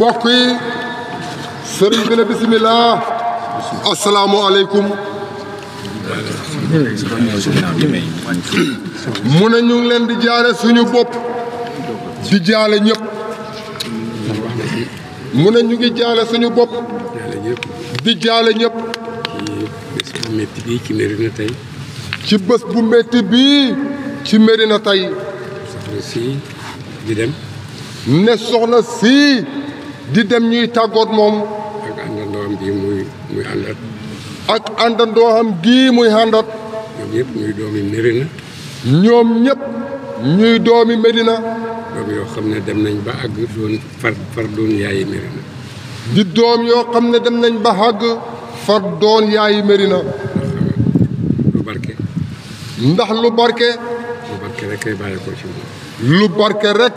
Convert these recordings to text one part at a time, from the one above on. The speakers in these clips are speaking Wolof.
mbokk yi sëriñ bi ne bisimilah asalaamualeykum mu ne leen di jaare suñu bopp di jaale mu ne ñu ngi jaale suñu bopp di jaale ñëpp ci bés bu métti bii ci Medina tey ne soxna si di dem ñuy tàggoot moom. ak àndandoo bii muy muy àndat. ak àndandoom gii muy àndat. ñoom ñëpp ñuy doomi Medina. ñoom ñëpp ñuy doomi Medina. doom yoo xam ne dem nañ ba àgg doon far far doon yaayi Medina. di doom yoo xam ne dem nañ ba àgg far doon yaayi Medina. lu barke. ndax lu barke. lu barke rek kay bàyyeekoo ci moom. lu barke rek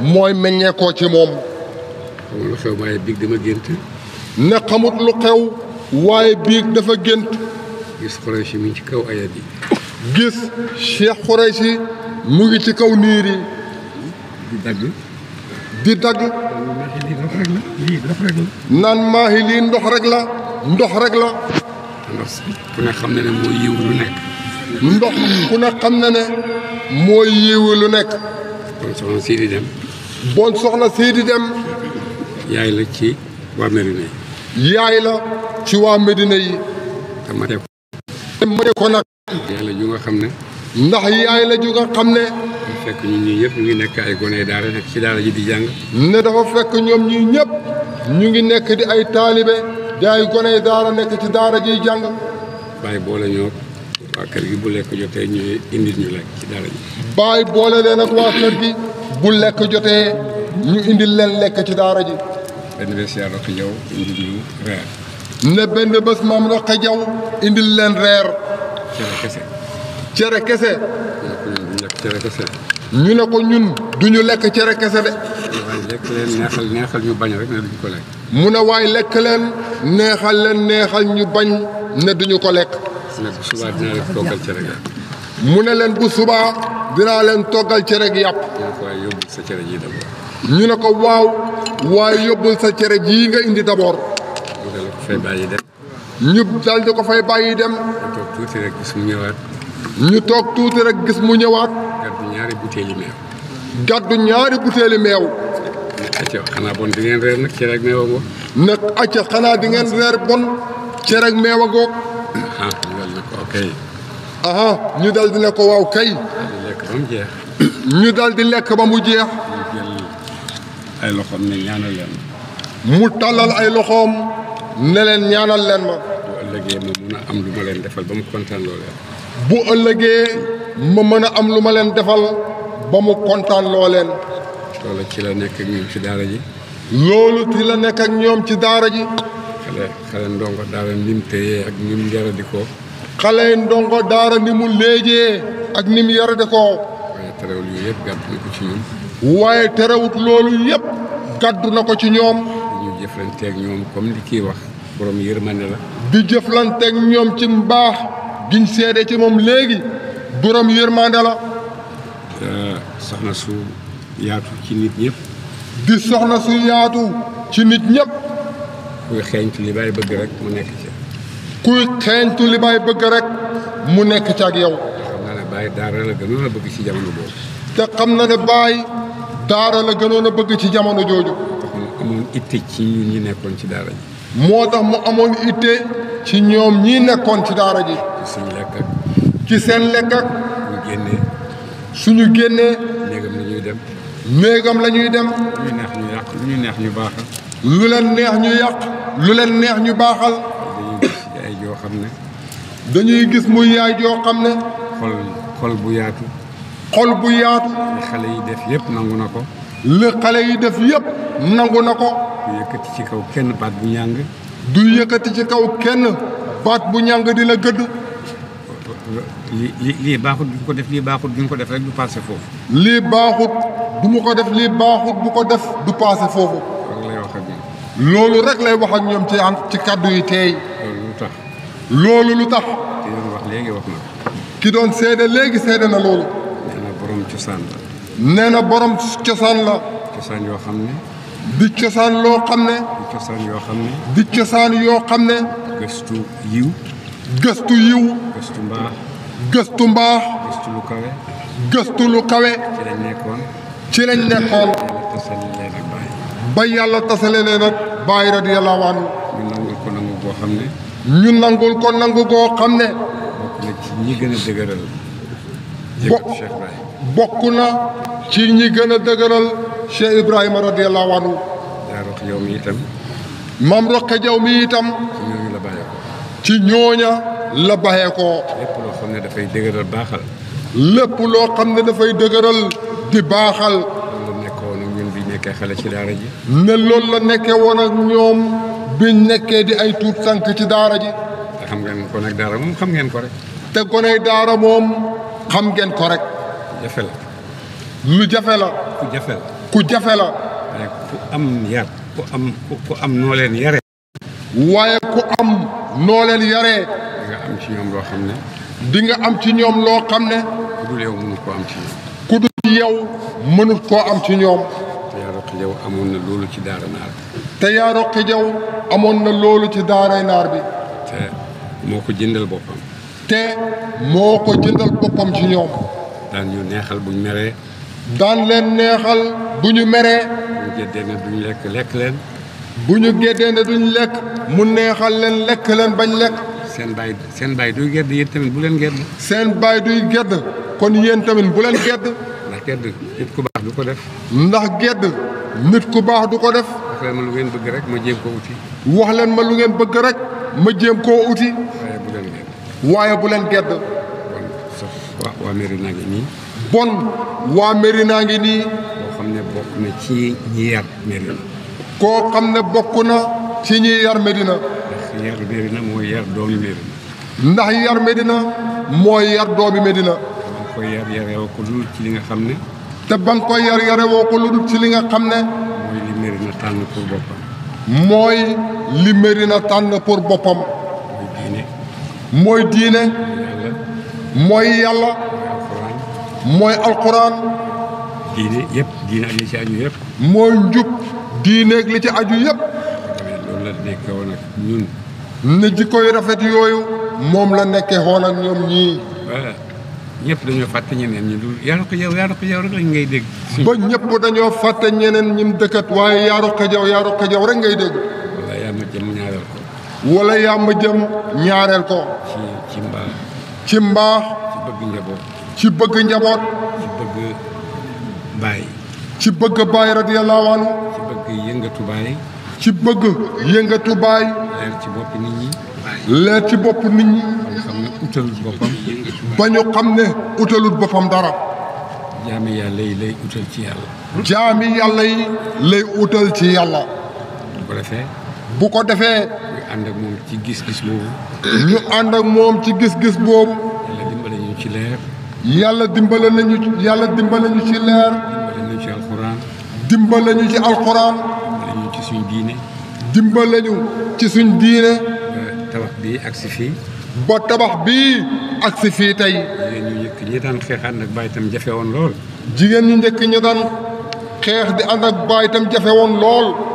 mooy meññeekoo ci moom. xamul lu xew waaye biig dama gént. ne xew waaye biig dafa gént. gis Xuraysi mu ngi ci kaw ayat mu ngi ci kaw niir yi. di dagg. di dagg. naan maahi lii ndox rek la ndox rek la. ndox ku ne xam na ne mooy lu nekk. ndox ku ne xam na ne mooy yiw lu nekk. bon soxna sii di dem. bon soxna sii di dem. yaay la ci waa Medina yi. yaay la ci waa Medina yi. te mate ko. te yaay la ju nga xam ne. ndax yaay la ju nga xam ne. dafa fekk ñun ñii ñu nekk ay gone daara nekk ci daara ji di jàng. ne dafa fekk ñoom ñii ñëpp ñu ngi nekk di ay taalibe di ay gone daara nekk ci daara jiy jàng. bàyyi boole ñoo waa kër gi bu lekk jotee ñu indil ñu lekk ci daara ji. bàyyi boole leen waa kër gi bu lekk jotee ñu indil leen lekk ci daara ji. benn bés yaa roq jaw ne benn bés maam roq jaw indil leen reer. cere kese. cere kese. cere kese. ñu ne ko ñun duñu lekk cere kese de. waaye ñu bañ rek ko mu ne waaye lekk leen neexal leen neexal ñu bañ ne duñu ko lekk. mu ne bu subaa dinaa leen toggal cere gi. mu ne leen bu subaa dinaa leen toggal cere gi yàpp. waaye yóbbu sa ñu ne ko waaw waaye yóbbul sa cere jii nga indi d'abord. ñu dal ko fay bàyyi dem. ñu ko fay bàyyi dem. ñu toog tuuti rek gis mu ñëwaat. ñu toog tuuti rek gis mu ñëwaat. gàddu ñaari butéeli meew. gàddu ñaari butéeli meew. acca xanaa di ngeen reer nag meew a acca xanaa di reer bon cere ak meew ñu dal di ne ko waaw kay. ñu dal lekk ba mu jeex. ay loxoom ne ñaanal ma. mu tàllal ay loxoom ne leen ñaanal leen ma. bu ëllëgee ma mën a am lu ma leen defal ba mu kontaan loo bu ëllëgee ma mën a am lu ma leen defal ba mu kontaan loo leen. loolu ci la nekk ak ñoom ci daara ji. loolu ci la nekk ak ñoom ci daara ji. xale xale ndongo daara ni mu téyee ak ni mu yaradi xale ndongo daara ni mu léejee ak ni mu yaradi ko. waaye terewul yooyu yëpp gàtt ko ci ñun. waaye terewut loolu yépp gàddu na ko ci ñoom. ñu jëflanteeg ñoom comme li kii wax borom yërmande la. di jëflanteeg ñoom ci mbaax giñ seede ci moom léegi borom yërmande la. soxna su yaatu ci nit ñëpp. di soxna su yaatu ci nit ñëpp. kuy xeeñtu li bay bëgg rek mu nekk ci. kuy xeeñtu li bëgg rek mu nekk ci ak yow. xam naa ne Baye Daara la gënoon a bëgg ci jamono boobu. te xam na ne Baye. daara la gënoon a bëgg ci jamono jooju. amoon ci ñi nekkoon ci daara moo tax mu amoon itte ci ñoom ñi nekkoon ci daara ji. ci seen lekk ak. ci seen lekk suñu génnee. suñu génnee. néegam la ñuy dem. néegam la dem. lu neex ñu yàq lu neex ñu leen neex ñu yàq. lu leen neex ñu baaxal. dañuy gis xam ne. dañuy gis muy yaay joo xam ne. xol xol bu yaatu. xol bu yaatu. li xale yi def yépp nangu na ko. li xale yi def yëpp nangu na ko. du yëkkati ci kaw kenn baat bu ñàng. du yëkkati ci kaw kenn baat bu ñàng di la gëdd. li lii baaxut duñ ko def lii baaxut duñ ko def rek du passé foofu. lii baaxut du mu ko def lii baaxut bu ko def du passé foofu. loolu rek lay wax ak ñoom ci am ci kàddu yi teey. loolu lu tax. loolu lu tax. ki doon wax léegi wax na. ki doon seede léegi seede na loolu. nee na borom cosaan la. cosaan yoo xam di cosaan loo xam ne. di cosaan yoo xam ne. di cosaan yoo xam ne. gëstu yiw. gëstu yiw. gëstu mbaax. gëstu mbaax. gëstu lu kawe. gëstu lu kawe. ci lañ nekkoon. ci ba yàlla tasale leen nag bàyyi radiyallahu anhu. ñu nangul ko nangu goo xam ne. ñu nangul ko nangu goo xam ne. bokk na ci ñi gën a dëgëral Cheikh Ibrahima radiyallahu anhu. yaa roq yow mi itam. maam roqe jaw mi itam. ci ñooñu la bàyyeekoo. ci ñooña la bàyyeekoo. lépp loo lépp loo xam ne dafay dëgëral di baaxal. loolu nekkoon ak ñun bi nekkee xale ci daara ji. ne loolu la nekkee woon ak ñoom bi nekkee di ay tuut sànq ci daara ji. te xam ngeen ko nag daara moom xam ngeen ko rek. te goney daara moom xam ngeen ko rek. jafe la. lu jafe la. ku jafe ku jafe la. am yar ku am ku yare noo leen waaye ku am noo leen yaree. nga am ci ñoom loo xam ne. di nga am ci ñoom loo xam ne. ku dul yow mënu koo am ci ñoom. ku dul yow mënut koo ci ñoom. te jaw amoon na loolu ci daara naar bi. bi. te moo ko jëndal boppam. te moo ko jëndal boppam ci ñoom. daan ñu neexal bu ñu meree. daan leen neexal bu ñu meree. bu ñu géddee ne duñ lekk lekk leen. bu ñu géddee ne duñ lekk mu neexal leen lekk leen bañ lekk. seen baay seen baay duy gedd yéen tamit bu leen gedd. seen baay duy gedd kon yéen tamit bu leen gedd. ndax gedd nit ku baax du ko def. ndax gedd nit ku baax du ko def. wax leen ma lu ngeen bëgg rek ma jéem koo uti. wax leen ma lu ngeen bëgg rek ma jéem koo uti. waaye bu leen gedd. waaw waa Médina ngi nii. bon waa Médina ngi nii. koo xam ne bokk na ci ñi yar Médina. koo xam ne bokk na ci ñi yar Médina. ndax yar Médina mooy yar doomi Médina. ndax yar Médina mooy yar doomi Médina. nga xam ne. te ba nga yar yarewoo ci li nga xam ne. mooy li Médina tànn pour boppam. mooy li Médina tànn pour boppam. mooy diine. mooy diine. mooy yàlla. mooy alquran. diine yëpp diine ak li ci aju yëpp. mooy njub diine li ci aju yëpp. loolu la nekkee woon ñun. ne jikko rafet yooyu. moom la nekkee woon ñoom ñii. ñëpp dañoo fàtte ñeneen ñi du yaa ruq jaw yaa ruq ngay dégg. ba ñëpp dañoo fàtte ñeneen ñim dëkkat waaye yaa ruq jaw yaa ruq jaw rek ngay dégg. wala yaa ma jëm ñaareel ko. wala yaa ma jëm ñaareel ko. ci mbaax. ci bëgg njaboot. ci bëgg njaboot. ci baay. ci bëgg baay ci bëgg yëngatu baay. ci bëgg yëngatu leer ci bopp nit ñi. leer ci bopp nit ñi. ba ñu xam ne utalut boppam dara. jaami yàlla yi lay utal ci yàlla. jaami yàlla yi lay utal ci yàlla. bu ko defee. ñu ànd ak moom ci gis-gis boobu. ñu ànd ak moom ci gis-gis boobu. yàlla dimbale nañu ci leer. yàlla dimbale nañu yàlla dimbale nañu ci leer. dimbale nañu ci alxuraan. dimbale nañu ci alxuraan. dimbale nañu ci suñu diine. dimbale nañu ci suñu diine. tabax bii ak si fii. ba tabax bii ak si fii tey. jigéen ñu njëkk ñi daan xeex ànd ak baay itam jafe lool. jigéen ñu njëkk ñi daan xeex di ànd ak baay itam jafe woon lool.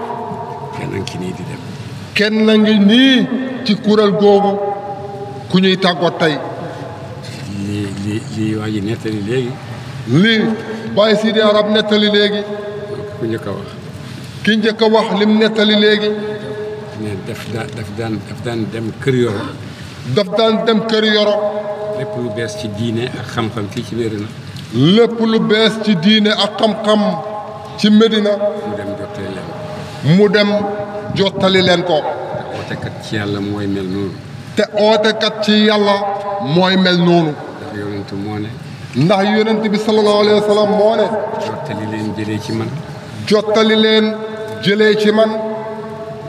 kenn ngi nii ci kuréel googu ku ñuy tàggoo tey. lii lii lii waa ji nettali léegi. lii bàyyi Sidi Arab nettali léegi. ku njëkk wax. ki njëkk a wax lim nettali léegi. ne daf daan dem kër yoro. daf daan dem kër yoro. lépp lu bees ci diine ak xam-xam fii ci Medina. lépp lu bees ci diine ak xam-xam ci Medina. mu dem jottali leen mu dem. jottali leen ko. te ootekat ci yàlla mooy mel noonu. te ootekat ci yàlla mooy mel noonu. ndax yonent moo ne. ndax yonent bi sallallahu alayhi wa sallam moo ne. ci man. jottali leen jëlee ci man.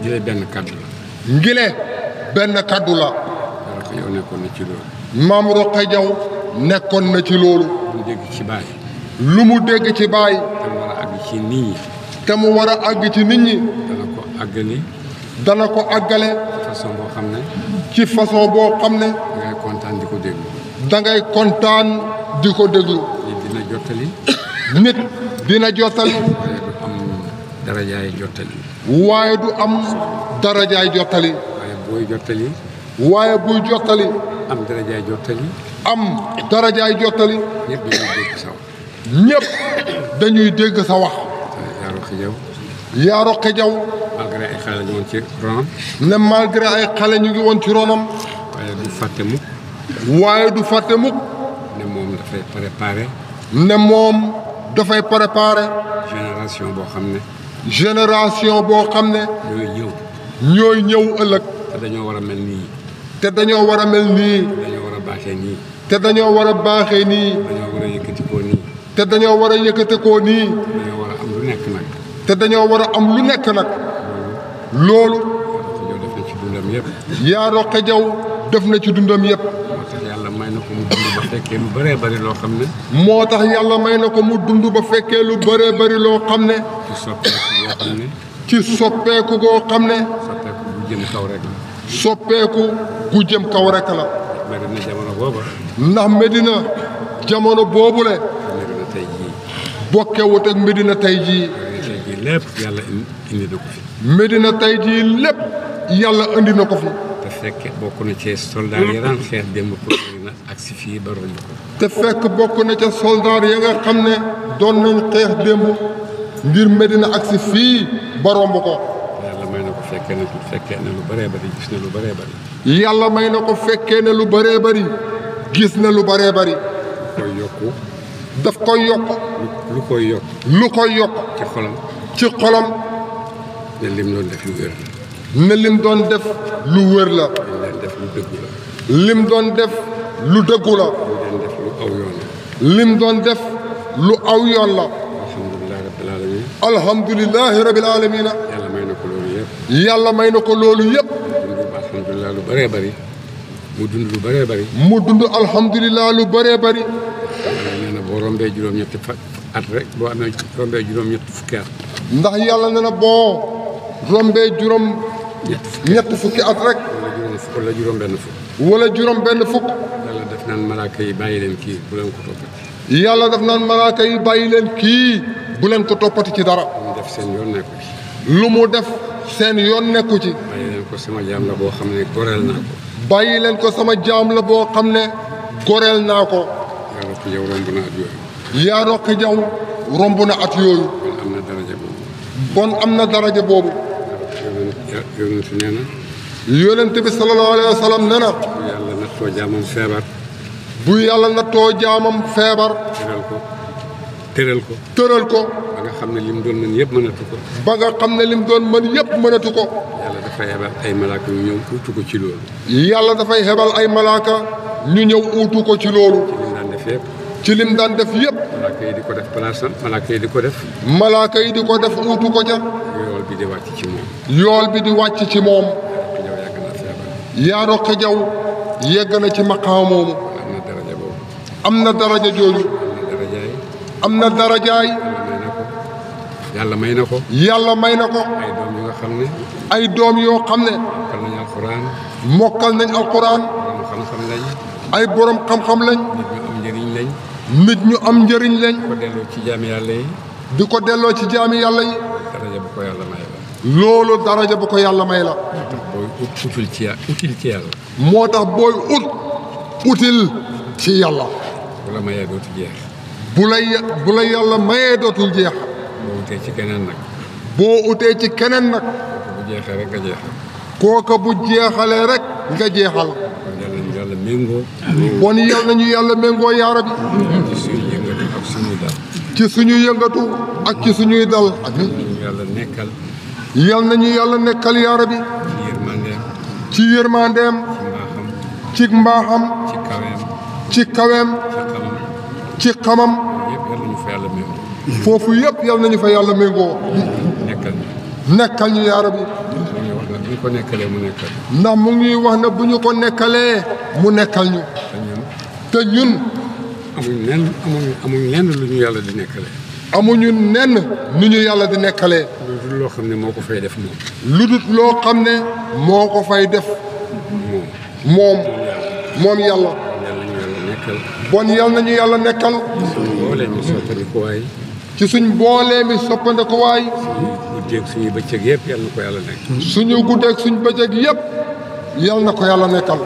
ngile benn kaddu la. ngile benn kaddu la. yow nekkoon na ci loolu. Jaw nekkoon na ci loolu. mu dégg ci baay. lu mu dégg ci baay. te mu war a ci nit ñi. te mu war a ci nit ñi. àggali. dana ko àggale. ci façon boo xam ne. ci façon boo xam ne. dangay kontaan di ko déglu. kontaan di ko déglu. nit dina jottali. nit dina jottali. waaye du am darajaay jottali. waaye du am darajaay jottali. buy jottali. am darajaay jottali. am darajaay jottali. ñëpp dañuy dégg sa wax. yaa roqe jaw malgré ay xale ñu ngi woon ci ronam. ne malgré ay xale ñu ngi woon ci ronam. waaye du fàtte mukk. waaye du fàtte mukk. ne moom dafay préparé. ne moom dafay préparé. génération boo xam ne. génération boo xam ne. ñooy ñëw. ñëw ëllëg. te dañoo war a mel nii. te dañoo war a mel nii. war a baaxee te dañoo war a baaxee nii. dañoo yëkkatikoo nii. te dañoo war a yëkkatikoo nii. dañoo war a am lu nekk nag. te dañoo war a am lu nekk nag loolu. yaa roqe jaw def na ci dundam yëpp. moo tax yàlla may na ko mu dund ba fekkee lu bëree bari loo xam ne. ci soppeeku goo xam ne. soppeeku gu jëm kaw rek la. soppeeku gu jëm kaw rek la. ndax jamono boobu. ndax Medina jamono boobule. bokkewut ak Medina tey jii. lépp na tey jii lépp yàlla indi na ko fi. te fekk bokk na ci soldat yi daan démb pour Medina ak fekk bokk na ca soldat ya nga xam ne doon nañ xeex démb ngir Medina aksi fii ba romb ko. yàlla may na ko fekkee ne lu bëree bëri na lu bëree bëri. yàlla may na lu bëree gis na lu bëree bëri. koy yokku. daf koy yokk. lu koy yokk. lu koy yokk. ci xolam. ci xolam ne lim doon def lu wér la ne lim doon def lu wér la lim doon def lu dëggu la lim doon def lu aw yoon la alhamdulilahi rabil alamina yàlla may na ko loolu yëpp yàlla may na ko loolu yëpp alhamdulilah lu bëree bëri mu dund lu bëree bëri mu dund alhamdulilah lu bëree bëri nee na boo rombee juróom-ñetti at rek boo amee rombee juróom ñett fukki at ndax yàlla na na boo rombee juróom ñett fukki at rek wala juróom benn fukk wala juróom benn fukk yàlla def naan malaaka yi bàyyi kii bu ko toppati bàyyi leen kii bu leen ko toppati ci dara lu mu def seen yoon nekku ci lu mu def seen yoon nekku ci bàyyi leen ko sama jaam la boo xam ne goreel naa ko bàyyi leen ko sama jaam la boo xam ne goreel naa ko yaa roqi jaw romb na at yooyu. kon na daraja boobu. yonent nee na. yonent bi sallallahu wa sallam nee na. bu yàlla nattoo jaamam feebar. bu yàlla nattoo jaamam ko tëral ko. tëral ba nga xam ne lim doon yëpp mënatu ba nga xam ne lim doon mën yëpp mënatu ko. yàlla dafay hebal ay malaaka ñu ñëw uutu ko ci loolu. yàlla dafay hebal ay malaaka ñu ñëw ko ci ci lim daan def yëpp. malaaka yi di ko def palaasam malaaka di ko def. malaaka yi di ko def uutu ko ja. yool bi di wàcc ci moom. yool bi di wàcc ci moom. yaa roqe yegg na ci maqaam moomu. am na daraja jooju. am na darajaay. yàlla may na ko. yàlla may na ko. ay doom yoo xam ne. ay doom yoo xam ne. mokkal nañ alquran. mokkal nañ alquran. ay borom xam-xam lañ. ay borom xam-xam lañ. nit ñu am njëriñ lañ. nit ñu am njëriñ lañ. di ko delloo ci jaami yàlla yi. di ko delloo ci jaami yàlla yi. yàlla may la. loolu daraja bu ko yàlla may la. moo booy ut utile ci yàlla moo tax booy ut yàlla. bu la mayee dootul jeex. bu la bu la yàlla mayee dootul ci keneen nag. ci keneen nag. kooka bu jeexee rek nga jeexal. kooka bu jeexalee rek nga jeexal. méngoo. nañu yàlla méngoo yaa ci suñu yëngatu ak suñuy dal. ci ci suñuy dal. ak nañu yàlla nekkal. yàlla ci yërmandeem. ci mbaaxam. ci kaweem. ci xamam. foofu yëpp yàlla nañu fa yàlla méngoo. nekkal ñu yaa bu ñu ko nekkalee mu nekkal ndax mu ngi wax na bu ñu ko nekkalee mu nekkal ñu te ñun amuñ nenn lu ñu yàlla di nekkalee amuñu nenn nu ñu yàlla di nekkalee lu dul loo xam ne moo ko fay def moom lu loo xam ne moo ko fay def moom moom moom yàlla bon yal nañu yàlla nekkal ci suñ boolee soppandikuwaay guddeeg suñu bëccëg yëpp yal na ko yàlla nekk. suñu ko yàlla nekkal.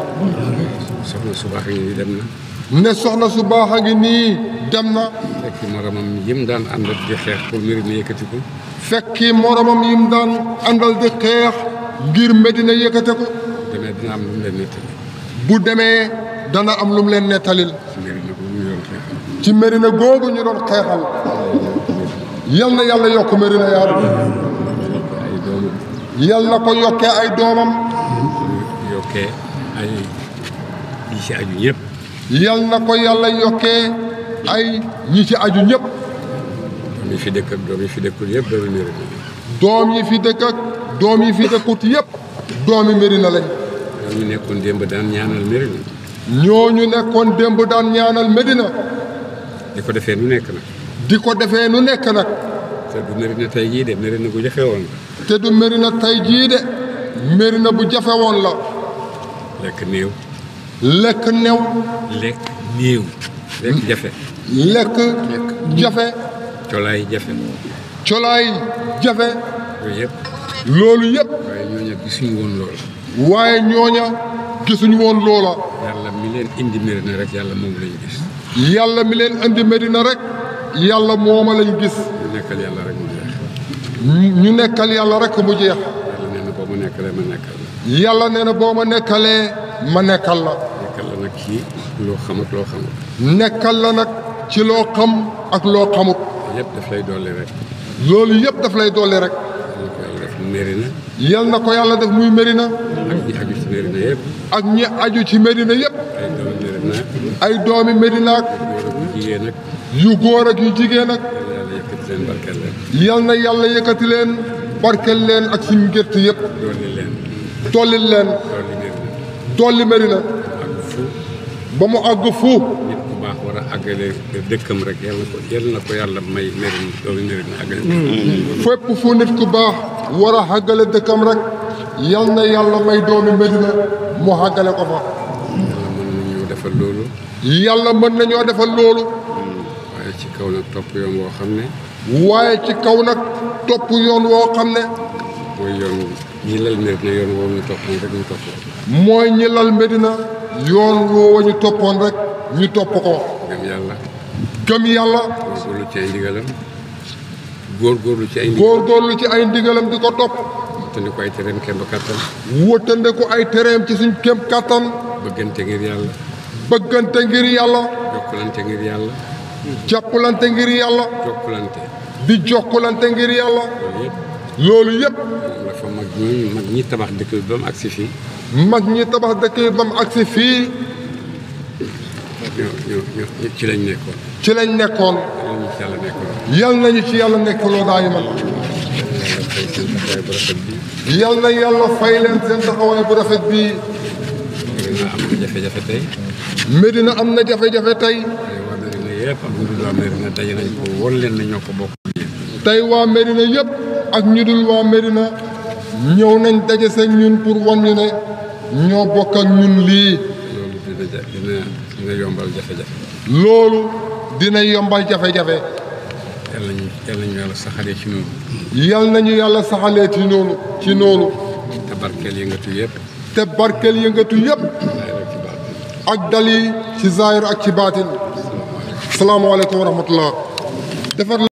soxna su baax a ngi nii dem na. ne soxna su baax a ngi nii dem na. fekki moromam yim daan àndal di xeex pour ko. ngir Medina yëkkate bu demee dina am lu leen nettali. bu demee dana am lu mu leen nettalil. ci Medina googu ñu doon xeexal. yal na yàlla yokk Medina yaa yal na ko yokkee ay doomam. yokkee ay ñi ci aju ñëpp. yal ci aju ñëpp. doom fi dëkk doom yi fi dëkkul yëpp doomi Mérina lañ. doom yi fi dëkk ak yëpp doomi Mérina lañ. ñooñu nekkoon démb daan ñaanal Mérina. ñooñu nekkoon démb daan ñaanal Mérina. di ko defee nu nekk nag. di ko defee nu nekk nag. te du Médina tey jii de Médina bu jafe woon la. te du Médina jii de Médina bu jafe woon la. lekk new lekk néew. lekk néew. lekk jafe. lekk jafe. colaay jafe. colaay jafe. loolu yëpp. loolu yëpp. waaye ñooña gisuñu woon loola. waaye ñooña gisuñu woon loola. yàlla mi leen indi Médina rek yàlla moom lañu leen indi Médina rek. yàlla mooma lañu gis. ñu nekkal yàlla rek mu jeex. ñu nekkal yàlla yàlla nee na boo ma nekkalee ma nekkal la. yàlla nee nekkal la. nag ci loo xam ak loo xamut. xam ak loo xamut. yëpp loolu yëpp daf lay dolli rek. yal na ko yàlla def muy Mérina. ak ñi aju ci Mérina yëpp. ak ñi aju ci Mérina yëpp. ay doomi Mérina ay doomi yu góor ak yu jigéen ak. yal na yàlla yëkkati leen barkeel leen ak suñu gétt yëpp. dolli leen. dolli mari na. ba mu àgg fu. nit ku baax war na ko yàlla may mari dolli mm. fu nit ku baax war a àggale dëkkam rek yal na yàlla may doomi Medina mu àggale ko fa. yàlla mën nañoo defal loolu. yàlla mën nañoo defal loolu. ci kaw nag topp yoon woo xam ne waaye ci kaw nag topp yoon woo xam ne mooy yoon ñi lal Medina yoon woowu ñu toppoon rek ñu ñi rek ñu topp ko gëm yàlla gëm yàlla góorgóorlu ci ay ndigalam góorgóorlu ci ay góorgóorlu ci di ko topp wëtande ko ay tereem kéem ko ay tereem ci suñ kéem kàttan bëggante ngir yàlla bëggante ngir yàlla jokkalante ngir yàlla jàppalante ngir yàlla. jokkalante. di jokkalante ngir yàlla. loolu yëpp. la fa mag ñooñu mag ñi tabax dëkk bi ba mu agsi fii. mag ñi tabax dëkk bi ba mu agsi fii. ci lañ nekkoon. ci lañ nekkoon. yal nañu ci yàlla nekkaloo daañu man. yal na yàlla fay leen seen taxawaay bu rafet bii. Medina am na jafe-jafe tey. Medina am na jafe-jafe tey. yëpp ak ñu dul waa Medina daje nañ ko wóor leen na ñoo ko bokk tey waa Medina yëpp ak ñu dul waa Medina ñëw nañ daje seen ñun pour wan ñu ne ñoo bokk ak ñun lii loolu dina yombal jafe-jafe yombal jafe-jafe yal nañu yal yàlla saxalee ci noonu yal nañu yàlla saxalee ci noonu ci noonu te barkeel yëngatu yëpp te barkeel yëngatu yëpp ak dal yi ci zaahir ak ci baatin salaamaaleykum wa rahmatullah defar